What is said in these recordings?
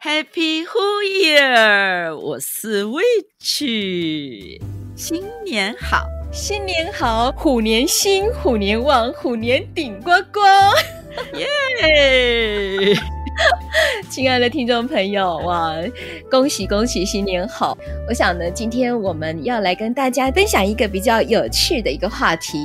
Happy New Year！我是 Witch，新年好，新年好，虎年新，虎年旺，虎年頂呱呱，耶 Yay !！ 親愛的聽眾朋友，哇，恭喜恭喜，新年好！我想呢，今天我們要來跟大家分享一個比較有趣的一個話題。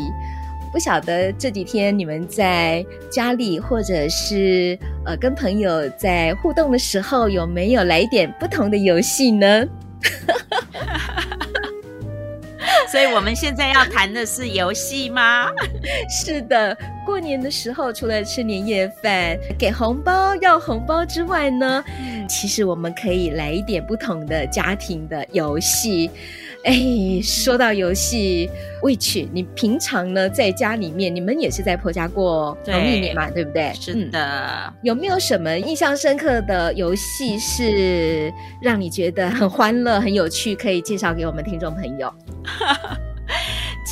不曉得這幾天你們在家裡，或者是呃跟朋友在互動的時候，有沒有來一點不同的遊戲呢？ 所以我們現在要談的是遊戲嗎？ 是的，過年的時候除了吃年夜飯、給紅包、要紅包之外呢，其實我們可以來一點不同的家庭的遊戲。哎，說到遊戲 Witch 你平常呢在家裡面，你們也是在婆家過農曆年嘛，對，對不對？是的、嗯。有沒有什麼印象深刻的遊戲是讓你覺得很歡樂、很有趣？可以介紹給我們聽眾朋友。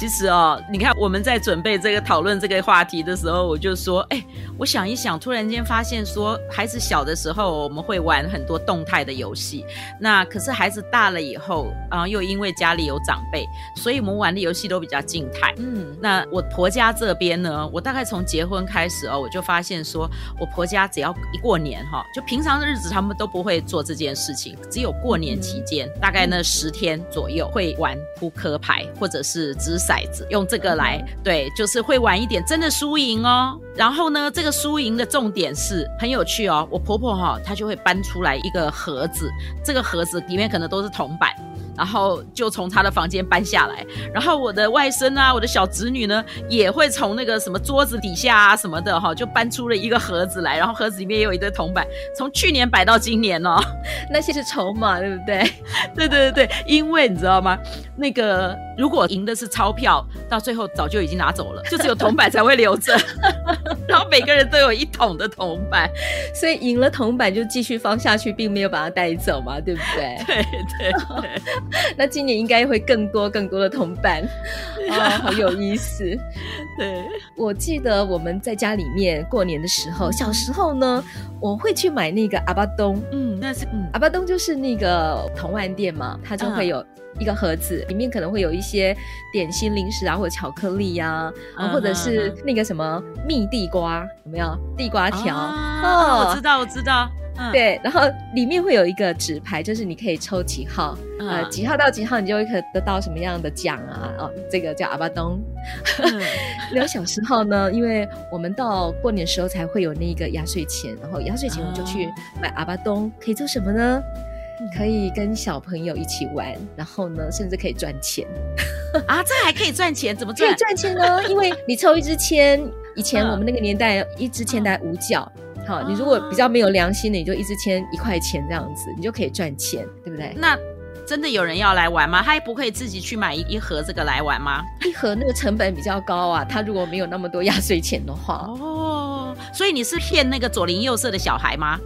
其實哦，你看我們在準備這個討論這個話題的時候，我就說，哎，我想一想，突然間發現說，孩子小的時候我們會玩很多動態的遊戲，那可是孩子大了以後，啊、呃，又因為家裡有長輩，所以我們玩的遊戲都比較靜態。嗯，那我婆家這邊呢，我大概從結婚開始哦，我就發現說，我婆家只要一過年哈、哦，就平常的日子他們都不會做這件事情，只有過年期間，嗯、大概呢十天左右、嗯、會玩撲克牌或者是至少。.袋子用這個來，對，就是會玩一點，真的輸贏哦。然後呢，這個輸贏的重點是很有趣哦。我婆婆哈、哦，她就會搬出來一個盒子，這個盒子裡面可能都是銅板，然後就從她的房間搬下來。然後我的外甥啊，我的小侄女呢，也會從那個什麼桌子底下啊什麼的哈、哦，就搬出了一個盒子來，然後盒子裡面也有一堆銅板，從去年擺到今年哦，那些是籌碼，對不對？ 對對對對，因為你知道嗎？那個。如果贏的是鈔票，到最後早就已經拿走了，就只有銅板才會留着。 然後每個人都有一桶的銅板，所以贏了銅板就繼續放下去，並沒有把它帶走嘛，對不對？ 對對、對、哦。那今年應該會更多更多的銅板啊、 哦，好有意思。 對，我記得我們在家裡面過年的時候，小時候呢，我會去買那個阿巴東。嗯，那是嗯，阿巴東就是那個童玩店嘛，它就會有、啊。一個盒子裡面可能會有一些點心、零食啊，或者巧克力呀，啊，uh -huh. 或者是那個什麼蜜地瓜，有沒有地瓜條？哦、uh -huh.，oh, uh -huh. 我知道，我知道。Uh -huh. 對，然後裡面會有一個紙牌，就是你可以抽幾號，uh -huh. 呃，幾號到幾號你就會可得到什麼樣的獎啊？Uh -huh. 哦，這個叫阿巴東。那、 uh -huh. 小時候呢，因為我們到過年的時候才會有那個壓歲錢，然後壓歲錢我們就去買阿巴東，uh -huh. 可以做什麼呢？可以跟小朋友一起玩，然後呢，甚至可以賺錢 啊！這還可以賺錢？怎麼賺？可以賺錢哦，因為你抽一支籤， 以前我們那個年代一支籤才五角，好、啊，你如果比較沒有良心的，你就一支籤一塊錢這樣子，你就可以賺錢，對不對？那真的有人要來玩嗎？他也不可以自己去買一一盒這個來玩嗎？一盒那個成本比較高啊，他如果沒有那麼多壓歲錢的話。哦所以你是騙那個左鄰右舍的小孩嗎？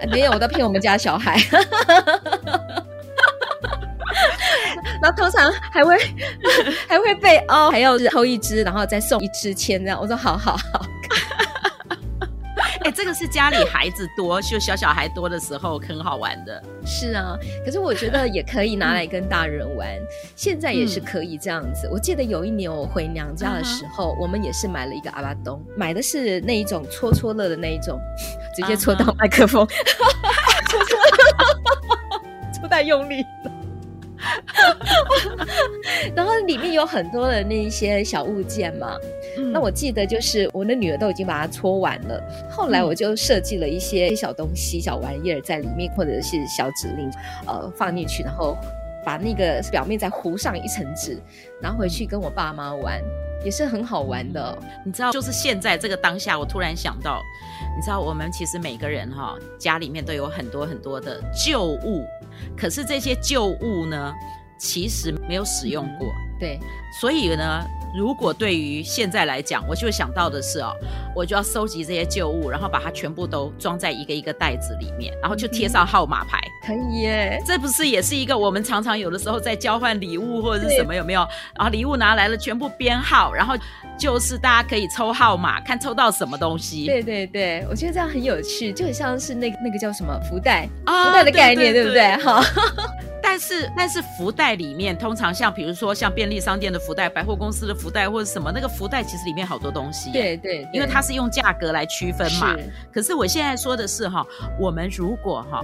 呃，沒有，我在騙我們家小孩。 然後通常還會 還會被哦，還要是偷一支，然後再送一支籤這樣。我說好好好。欸、這個是家裡孩子多，就小小孩多的時候很好玩的。是啊，可是我覺得也可以拿來跟大人玩， 現在也是可以這樣子。我記得有一年我回娘家的時候，嗯、我們也是買了一個阿拉東，買的是那一種戳戳樂的那一種，直接戳到麥克風，戳、嗯、戳，戳 太、就是、 用力。 然後裡面有很多的那一些小物件嘛、嗯，那我記得就是我那女兒都已經把它搓完了。後來我就設計了一些小東西、小玩意兒在裡面，或者是小指令，呃，放進去，然後把那個表面再糊上一層紙，然後回去跟我爸媽玩，也是很好玩的、哦。你知道，就是現在這個當下，我突然想到，你知道，我們其實每個人哈，家裡面都有很多很多的舊物，可是這些舊物呢？其實沒有使用過、嗯，對。所以呢，如果對於現在來講，我就想到的是哦，我就要收集這些舊物，然後把它全部都裝在一個一個袋子裡面，然後就貼上號碼牌、嗯。可以耶，這不是也是一個我們常常有的時候在交換禮物或者是什麼有沒有？然後禮物拿來了全部編號，然後就是大家可以抽號碼，看抽到什麼東西。對對對，我覺得這樣很有趣，就很像是那個那個叫什麼福袋啊，福袋的概念，對，對，對，對不對？哈。 但是，但是福袋裡面通常像比如說像便利商店的福袋、百貨公司的福袋或者什麼，那個福袋其實裡面好多東西。對對、對，因為它是用價格來區分嘛。是。可是我現在說的是哈，我們如果哈，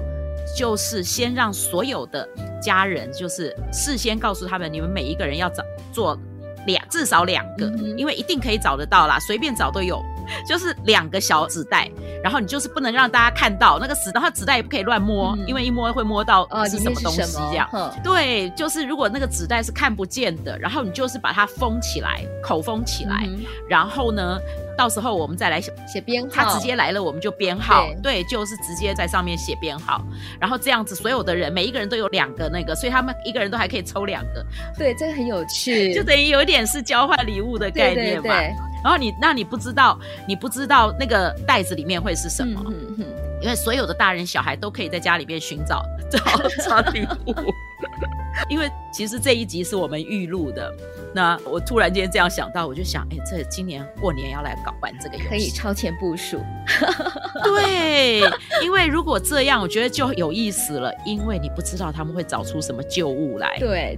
就是先讓所有的家人就是事先告訴他們，你們每一個人要找，做兩，至少兩個，嗯，因為一定可以找得到啦，隨便找都有。就是兩個小紙袋，然後你就是不能讓大家看到那個紙，然後紙袋也不可以亂摸，嗯，因為一摸會摸到是什麼東西這樣。哦，對，就是如果那個紙袋是看不見的，然後你就是把它封起來，口封起來，嗯，然後呢，到時候我們再來寫編號。他直接來了，我們就編號。對，對，就是直接在上面寫編號，然後這樣子，所有的人每一個人都有兩個那個，所以他們一個人都還可以抽兩個。對，這個很有趣，就等於有點是交換禮物的概念嘛。對對對然後你，那你不知道，你不知道那個袋子裡面會是什麼、嗯哼哼，因為所有的大人小孩都可以在家裡面尋找找禮 理物。 因為其實這一集是我們預錄的，那我突然間這樣想到，我就想，哎、欸，這今年過年要來搞完這個遊戲，可以超前部署。 對，因為如果這樣，我覺得就有意思了，因為你不知道他們會找出什麼舊物來。對。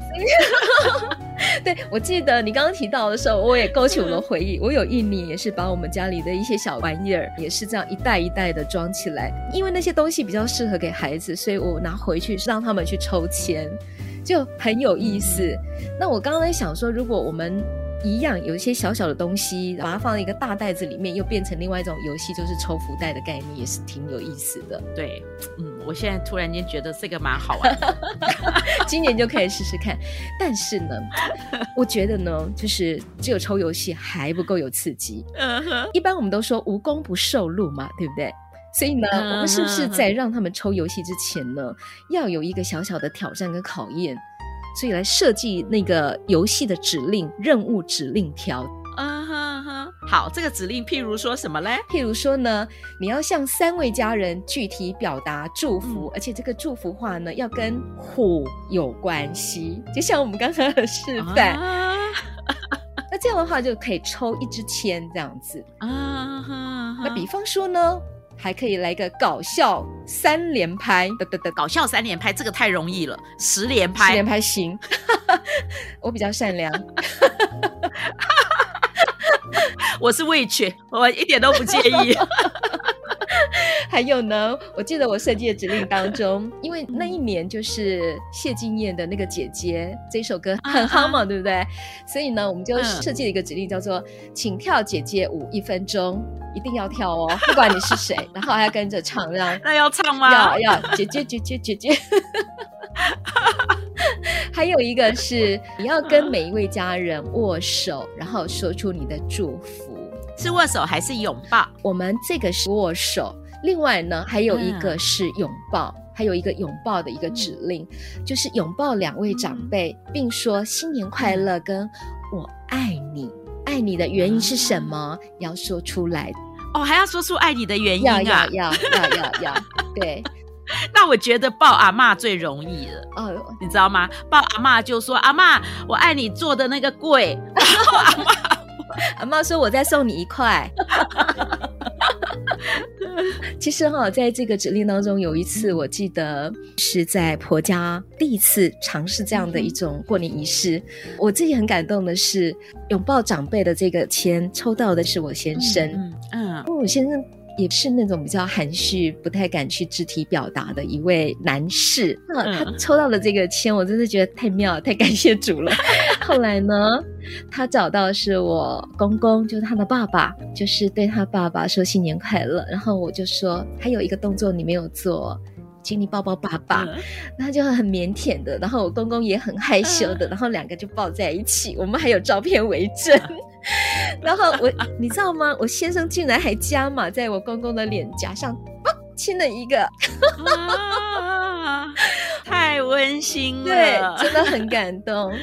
對，我記得你剛剛提到的時候，我也勾起我的回憶。 我有一年也是把我們家裡的一些小玩意兒，也是這樣一袋一袋的裝起來，因為那些東西比較適合給孩子，所以我拿回去讓他們去抽籤，就很有意思。嗯。那我剛才在想說，如果我們。一樣有一些小小的東西，把它放在一個大袋子裡面，又變成另外一種遊戲，就是抽福袋的概念，也是挺有意思的。對，嗯，我現在突然間覺得這個蠻好玩的， 今年就可以試試看。 但是呢，我覺得呢，就是只有抽遊戲還不夠有刺激。嗯哼，一般我們都說無功不受祿嘛，對不對？所以呢，我們是不是在讓他們抽遊戲之前呢，uh-huh. 要有一個小小的挑戰跟考驗？所以來設計那個遊戲的指令、任務指令條。啊哈哈，好，這個指令，譬如說什麼嘞？譬如說呢，你要向三位家人具體表達祝福，嗯、而且這個祝福話呢要跟虎有關係，就像我們剛才的示範。Uh-huh-huh. 那這樣的話就可以抽一支籤這樣子啊。哈、uh-huh-huh. 那比方說呢？還可以來個搞笑三連拍，得得得，搞笑三連拍，這個太容易了。十連拍，十連拍行， 我比較善良， 我是 Witch，我一點都不介意。 還有呢，我記得我設計的指令當中， 因為那一年就是謝金燕的那個姐姐這首歌很夯嘛，uh -huh. 對不對？Uh -huh. 所以呢，我們就設計了一個指令，叫做“ uh -huh. 請跳姐姐舞一分鐘，一定要跳哦，不管你是誰”， 然後還要跟着唱，讓那要唱嗎？要要姐姐姐姐姐姐。還有一個是你要跟每一位家人握手，然後說出你的祝福。是握手還是擁抱？我們這個是握手。另外呢，還有一個是擁抱，yeah. 還有一個擁抱的一個指令，yeah. 就是擁抱兩位長輩，mm. 並說新年快樂，跟我愛你，愛你的原因是什麼？Uh. 要說出來哦，oh, 還要說出愛你的原因、啊、要要要要要要 對。 那我覺得抱阿嬤最容易了，oh. 你知道嗎？抱阿嬤就說：“阿嬤，我愛你做的那個貴，然後阿嬤，阿嬤說：“我再送你一塊。”哈哈，其實哈，在這個指令當中，有一次我記得是在婆家第一次嘗試這樣的一種過年儀式。嗯、我自己很感動的是，擁抱長輩的這個籤抽到的是我先生，嗯，因、嗯、為、嗯哦、我先生。也是那種比較含蓄，不太敢去肢體表達的一位男士。那、啊、他抽到了這個籤，我真的覺得太妙了，太感謝主了。 後來呢，他找到是我公公，就是他的爸爸，就是對他爸爸說新年快樂。然後我就說，還有一個動作你沒有做，請你抱抱爸爸。他 就很腼腆的，然後我公公也很害羞的， 然後兩個就抱在一起，我們還有照片為證。 然後我， 你知道嗎？我先生竟然還加碼在我公公的臉頰上啊、親了一個， 太溫馨了，對，真的很感動。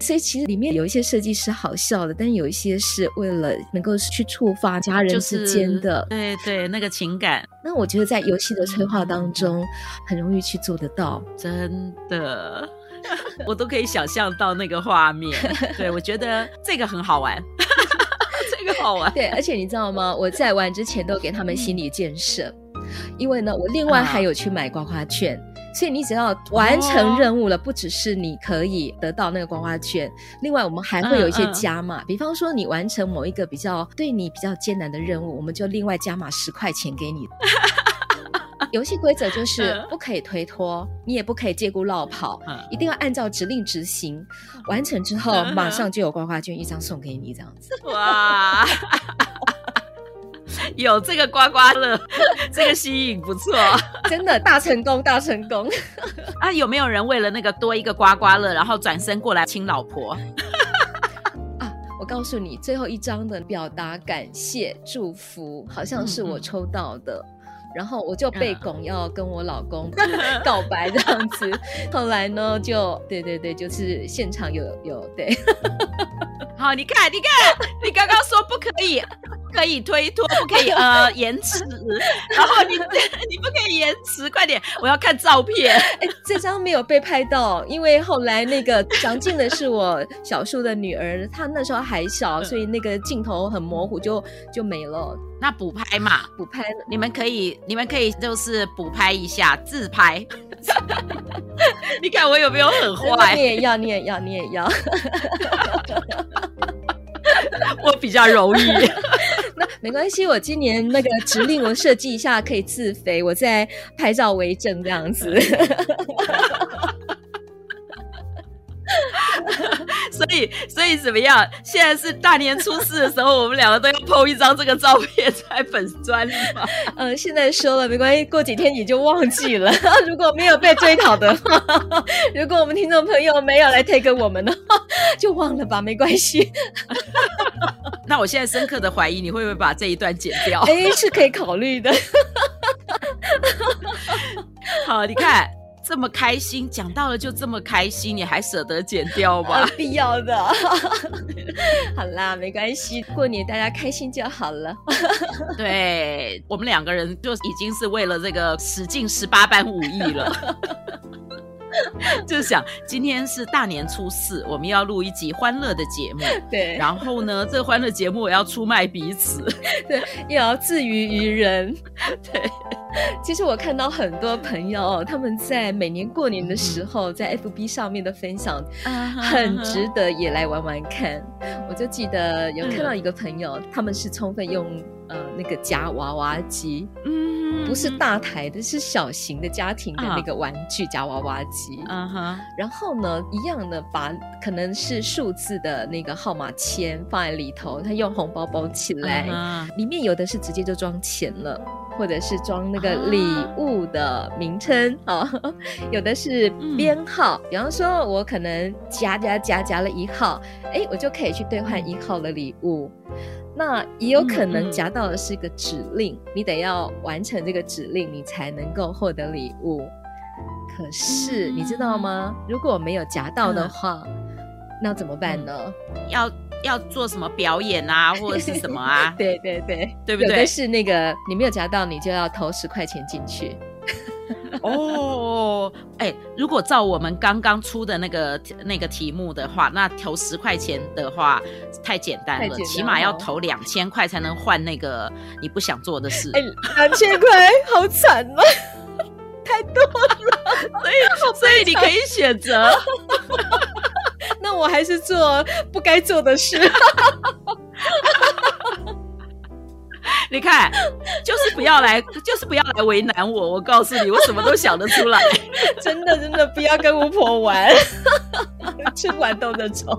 所以其實裡面有一些設計是好笑的，但有一些是為了能夠去觸發家人之間的，就是、對對那個情感。那我覺得在遊戲的催化當中，很容易去做得到，真的。 我都可以想象到那個畫面，對我覺得這個很好玩， 這個好玩。對，而且你知道嗎？我在玩之前都給他們心理建設，嗯、因為呢，我另外還有去買刮刮券、啊，所以你只要完成任務了，哦、不只是你可以得到那個刮刮券，另外我們還會有一些加碼、嗯嗯，比方說你完成某一個比較對你比較艱難的任務，我們就另外加碼十塊錢給你。 遊戲規則就是不可以推脫、嗯，你也不可以借故落跑，嗯、一定要按照指令執行、嗯。完成之後、嗯，馬上就有刮刮券一張送給你，這樣子。哇， 有這個刮刮樂， 這個吸引不錯， 真的大成功，大成功。 啊，有沒有人為了那個多一個刮刮樂，然後轉身過來親老婆？ 啊，我告訴你，最後一張的表達感謝祝福，好像是我抽到的。嗯嗯。然後我就被拱要跟我老公、uh, okay. 告白這樣子，後 來呢，就對對對，就是現場有有對。 哦、你看，你看，你剛剛說不可以，不 可以推脫，不可以 呃延遲， 然後你你不可以延遲，快點，我要看照片。哎、欸，這張沒有被拍到，因為後來那個楊靜的是我小叔的女兒， 她那時候還小，所以那個鏡頭很模糊，就就沒了。那補拍嘛，補拍，你們可以，你們可以就是補拍一下自拍。 你看我有沒有很壞？你也要，你也要，你也要。 我比較容易 那，那沒關係。我今年那個指令，我設計一下可以自肥，我再拍照為證，這樣子。 所以，所以怎麼樣？現在是大年初四的時候， 我們兩個都要 PO 一張這個照片在粉專裡吧。嗯、呃，現在說了沒關係，過幾天你就忘記了。 如果沒有被追討的話， 如果我們聽眾朋友沒有來 tag 我們的話，就忘了吧，沒關係。 那我現在深刻的懷疑，你會不會把這一段剪掉？哎、欸，是可以考慮的。 好，你看。這麼開心，講到了就這麼開心，你還捨得剪掉嗎？啊，必要的。 好啦，沒關係，過年大家開心就好了。 對，我們兩個人就已經是為了這個使盡十八般武藝了。 就想今天是大年初四，我們要錄一集歡樂的節目。對，然後呢，這個歡樂節目我要出賣彼此，對，又要自娛娛人。 對， 其實我看到很多朋友他們在每年過年的時候 在 FB 上面的分享，uh -huh. 很值得也來玩玩看。我就記得有看到一個朋友，他們是充分用、uh -huh. 呃那個夾娃娃機。Uh -huh. 嗯。不是大檯的，這是小型的家庭的那個玩具夾娃娃機。Uh, uh -huh. 然後呢，一樣的把可能是數字的那個號碼籤放在裡頭，他用紅包包起來。Uh -huh. 裡面有的是直接就裝錢了，或者是裝那個禮物的名稱。uh -huh. 啊，有的是編號。比方說我可能夾夾夾夾了一號，哎，我就可以去兌換一號的禮物。那也有可能夾到的是一個指令、嗯，你得要完成這個指令，你才能夠獲得禮物。可是、嗯、你知道嗎？如果沒有夾到的話，嗯、那怎麼辦呢？嗯、要要做什麼表演啊，或者是什麼啊？ 對對對，對不對？但是那個你沒有夾到，你就要投十塊錢進去。哦，哎、欸，如果照我們剛剛出的那個那個題目的話，那投十塊錢的話太簡單了，起碼要投兩千塊才能換那個你不想做的事。哎、欸，兩千塊好慘啊，太多了， 所以所以你可以選擇， 那我還是做不該做的事。 你看，就是不要來， 就是不要來為難我。我告訴你，我什麼都想得出來， 真的真的，不要跟巫婆玩， 吃不完兜著走。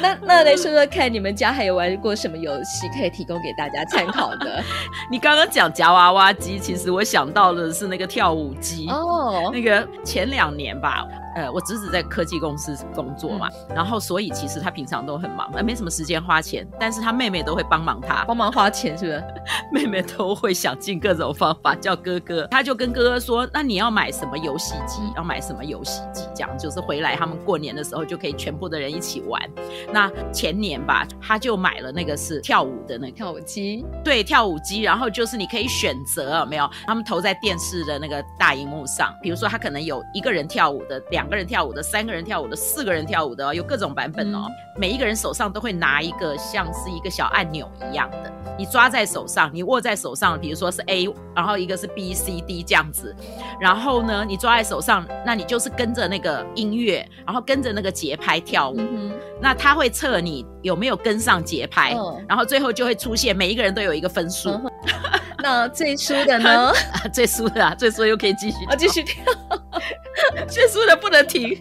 那那來說說看，你們家還有玩過什麼遊戲可以提供給大家參考的？ 你剛剛講夾娃娃機，其實我想到的是那個跳舞機哦，oh. 那個前兩年吧。呃，我侄子在科技公司工作嘛、嗯，然後所以其實他平常都很忙，呃，沒什麼時間花錢，但是他妹妹都會幫忙他幫忙花錢，是不是？ 妹妹都會想盡各種方法叫哥哥，他就跟哥哥說：“那你要買什麼遊戲機？要買什麼遊戲機？”這樣就是回來他們過年的時候就可以全部的人一起玩。那前年吧，他就買了那個是跳舞的那個跳舞機，對，跳舞機，然後就是你可以選擇有沒有，他們投在電視的那個大熒幕上，比如說他可能有一個人跳舞的兩。兩個人跳舞的，三個人跳舞的，四個人跳舞的、哦，有各種版本哦、嗯。每一個人手上都會拿一個像是一個小按鈕一樣的，你抓在手上，你握在手上。比如說是 A，然後一個是 B、C、D 這樣子。然後呢，你抓在手上，那你就是跟着那個音樂，然後跟着那個節拍跳舞。嗯、那他會測你有沒有跟上節拍、哦，然後最後就會出現每一個人都有一個分數。哦、 那最輸的呢？最輸的，啊，最輸又、啊、可以繼續啊，繼續跳。 卻輸了不能停，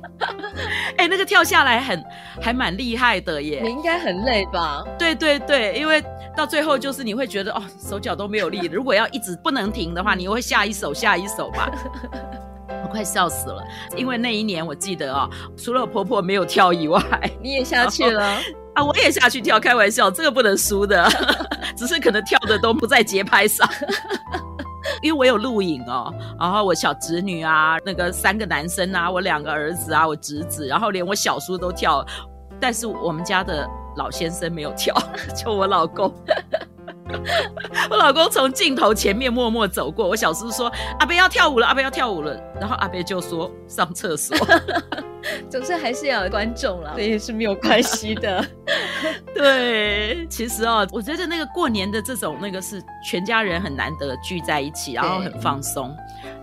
哎、 欸，那個跳下來很還蠻厲害的耶。你應該很累吧？對對對，因為到最後就是你會覺得哦，手腳都沒有力。 如果要一直不能停的話，你會下一首下一首吧？ 我快笑死了，因為那一年我記得哦，除了婆婆沒有跳以外，你也下去了啊？我也下去跳，開玩笑，這個不能輸的， 只是可能跳的都不在節拍上。 因為我有錄影哦，然後我小侄女啊，那個三個男生啊，我兩個兒子啊，我侄子，然後連我小叔都跳，但是我們家的老先生沒有跳，就我老公。 我老公從鏡頭前面默默走過。我小叔說：“阿伯要跳舞了，阿伯要跳舞了。”然後阿伯就說：“上廁所。 ” 總是還是要有觀眾啦，這也是沒有關係的。 對，其實哦，我覺得那個過年的這種那個是全家人很難得聚在一起，然後很放鬆。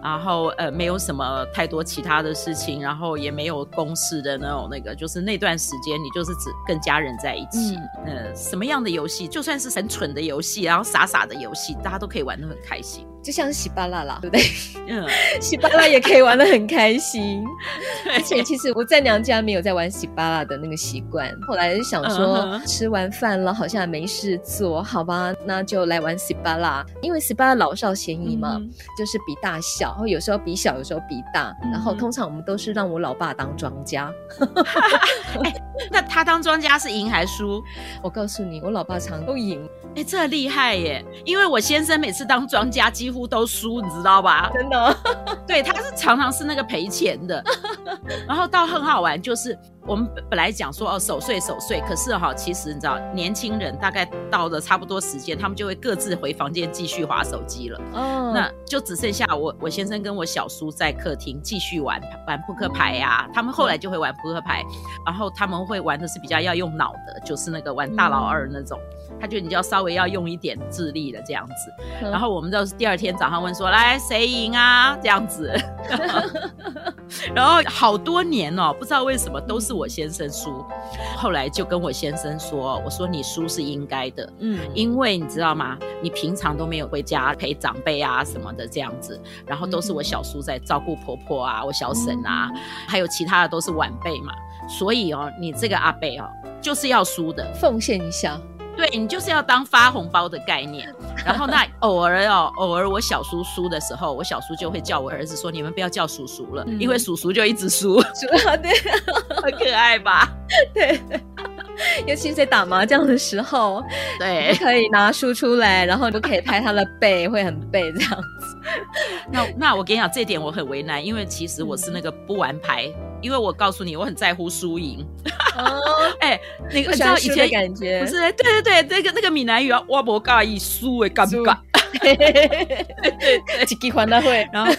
然後呃，沒有什麼太多其他的事情，然後也沒有公事的那種那個，就是那段時間你就是只跟家人在一起。嗯，呃，什麼樣的遊戲，就算是很蠢的遊戲，然後傻傻的遊戲，大家都可以玩得很開心。就像喜巴拉啦，對不對？嗯，喜巴拉也可以玩得很開心。 而且其實我在娘家沒有在玩喜巴拉的那個習慣。後來就想說，uh -huh. 吃完飯了好像沒事做，好吧，那就來玩喜巴拉。因為喜巴拉老少咸宜嘛，mm -hmm. 就是比大小，然後有時候比小，有時候比大。Mm -hmm. 然後通常我們都是讓我老爸當莊家。 欸、那他當莊家是贏還輸？ 我告訴你，我老爸常都贏。哎、欸，這厲害耶！因為我先生每次當莊家，幾乎幾乎都輸，你知道吧？真的， 對，他是常常是那個賠錢的， 然後到很好玩，就是。我們本來講說哦守歲守歲，可是哈、哦、其實你知道，年輕人大概到了差不多時間，他們就會各自回房間繼續滑手機了。哦、嗯，那就只剩下我我先生跟我小叔在客廳繼續玩玩撲克牌呀、啊嗯。他們後來就會玩撲克牌、嗯，然後他們會玩的是比較要用腦的，就是那個玩大老二那種，嗯、他就你就要稍微要用一點智力的這樣子。嗯、然後我們就是第二天早上問說、嗯、來誰贏啊這樣子。嗯、然後， 然後好多年哦，不知道為什麼都是、嗯。是我先生輸，後來就跟我先生說：“我說你輸是應該的，嗯，因為你知道嗎？你平常都沒有回家陪長輩啊什麼的這樣子，然後都是我小叔在照顧婆婆啊，我小嬸啊、嗯，還有其他的都是晚輩嘛，所以哦，你這個阿伯哦，就是要輸的，奉獻一下。”對，你就是要當發紅包的概念，然後那偶爾哦， 偶爾我小叔輸的時候，我小叔就會叫我兒子說：“你們不要叫叔叔了、嗯，因為叔叔就一直輸。了對了”對，好可愛吧？ 對，尤其是在打麻將的時候， 對，可以拿書出來，然後就可以拍他的背， 會很背這樣子。那那我跟你講，這點我很為難，因為其實我是那個不玩牌。嗯因為我告訴你，我很在乎輸贏。哦，哎、 欸，那個以前感覺不是，對對對，那個那個閩南語，哇不嘎一輸誒，嘎輸。 對，幾幾歡大會，然後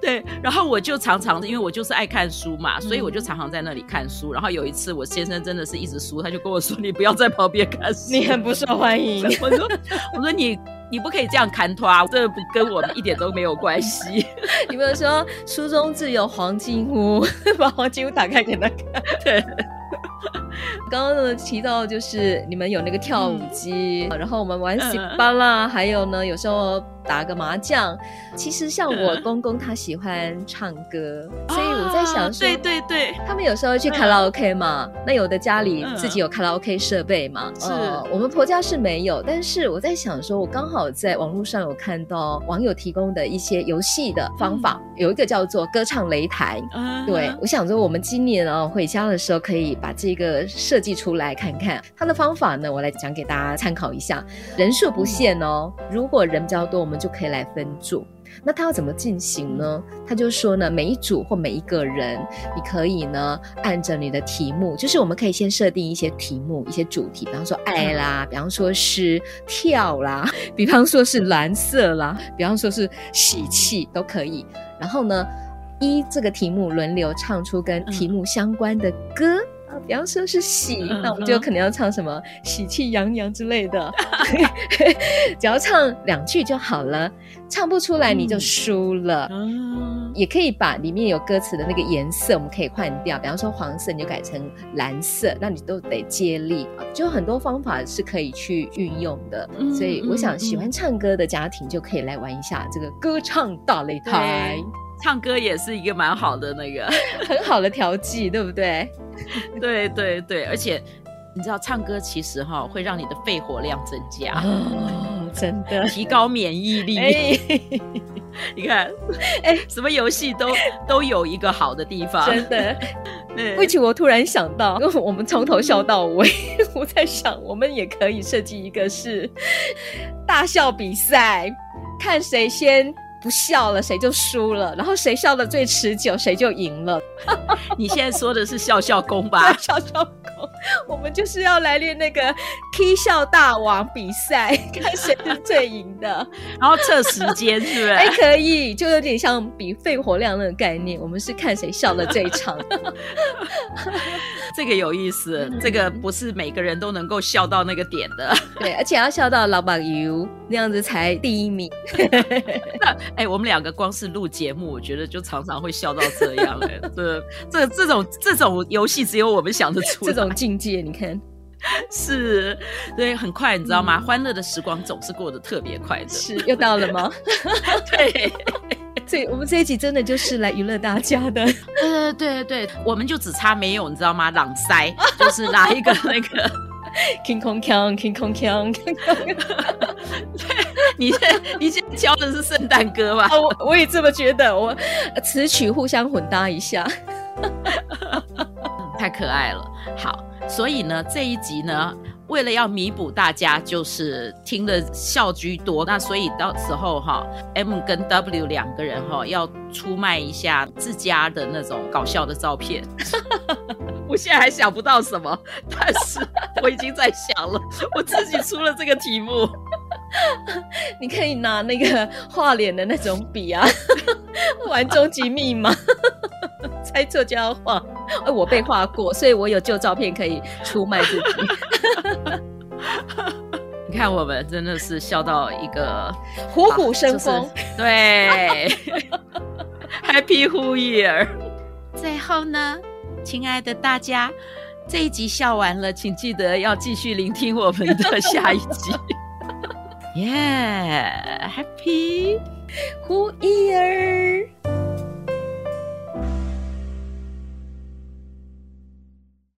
對，然後我就常常，因為我就是愛看書嘛，嗯、所以我就常常在那裡看書。然後有一次，我先生真的是一直輸，他就跟我說：“你不要在旁邊看書，你很不受歡迎。”我，我說：“我說你。”你不可以這樣砍他，這不跟我們一點都沒有關係。 你不能說書中自有黃金屋， 把黃金屋打開給他看。 對 剛剛呢，提到就是你們有那個跳舞機，嗯、然後我們玩洗牌啦，還有呢，有時候打個麻將。其實像我，uh, 公公他喜歡唱歌，uh, 所以我在想說，對對對，他們有時候會去卡拉 OK 嘛，uh, 那有的家裡自己有卡拉 OK 設備嘛。Uh, 呃、是我們婆家是沒有，但是我在想說，我剛好在網絡上有看到網友提供的一些遊戲的方法，uh, 有一個叫做歌唱擂台。Uh, 對，uh, 我想說我們今年啊，哦，回家的時候可以把這個。設。設計出來看看，它的方法呢，我來講給大家參考一下。人數不限哦，如果人比較多，我們就可以來分組。那它要怎麼進行呢？它就說呢，每一組或每一個人，你可以呢，按着你的題目，就是我們可以先設定一些題目、一些主題，比方說愛啦，比方說是跳啦，比方說是藍色啦，比方說是喜氣都可以。然後呢，依這個題目輪流唱出跟題目相關的歌。嗯比方說是喜，那我們就可能要唱什麼、嗯、喜氣洋洋之類的， 只要唱兩句就好了。唱不出來你就輸了。嗯，也可以把裡面有歌詞的那個顏色，我們可以換掉。比方說黃色，你就改成藍色，那你都得接力。就很多方法是可以去運用的。嗯，所以我想喜歡唱歌的家庭就可以來玩一下這個歌唱大擂台。唱歌也是一個蠻好的那個 很好的調劑，對不對？ 對對對，而且你知道，唱歌其實哈、哦、會讓你的肺活量增加，哦，真的提高免疫力。欸、 你看，哎、欸，什麼遊戲都都有一個好的地方，真的。為為此我突然想到，因為我們從頭笑到尾，嗯、我在想，我們也可以設計一個是大笑比賽，看誰先。不笑了，誰就輸了。然後誰笑得最持久，誰就贏了。 你現在說的是笑笑功吧？笑笑。 我們就是要來練那個 “K 笑大王”比賽，看誰是最贏的，然後測時間，是不是？哎，可以，就有點像比肺活量那個概念。我們是看誰笑得最長， 這個有意思。這個不是每個人都能夠笑到那個點的， 對，而且要笑到老板油那樣子才第一名。哎、 欸，我們兩個光是錄節目，我覺得就常常會笑到這樣、欸。哎， 這這這種這種遊戲，只有我們想得出 這種境。你看，是，對，很快，你知道嗎？嗯、歡樂的時光總是過得特別快。是又到了嗎？ 對，這我們這一集真的就是來娛樂大家的， 呃，對對，我們就只差沒有，你知道嗎？朗塞，就是拿一個那個 King Kong, Kong King Kong，, Kong, King Kong 對，你現，你現在教的是聖誕歌吧？啊、我我也這麼覺得，我詞曲互相混搭一下， 太可愛了，好。所以呢，這一集呢，為了要彌補大家就是聽的笑居多，那所以到時候哈，M 跟 W 兩個人哈，要出賣一下自家的那種搞笑的照片。 我現在還想不到什麼，但是我已經在想了， 我自己出了這個題目， 你可以拿那個畫臉的那種筆啊， 玩終極密碼， 猜錯，就要畫。呃、我被畫過，所以我有舊照片可以出賣自己。 你看，我們真的是笑到一個虎虎生風，就是、對 ，Happy Who Year。最後呢，親愛的大家，這一集笑完了，請記得要繼續聆聽我們的下一集。耶、 Yeah，Happy Who Year。